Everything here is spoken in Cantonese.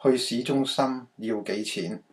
去市中心要幾錢？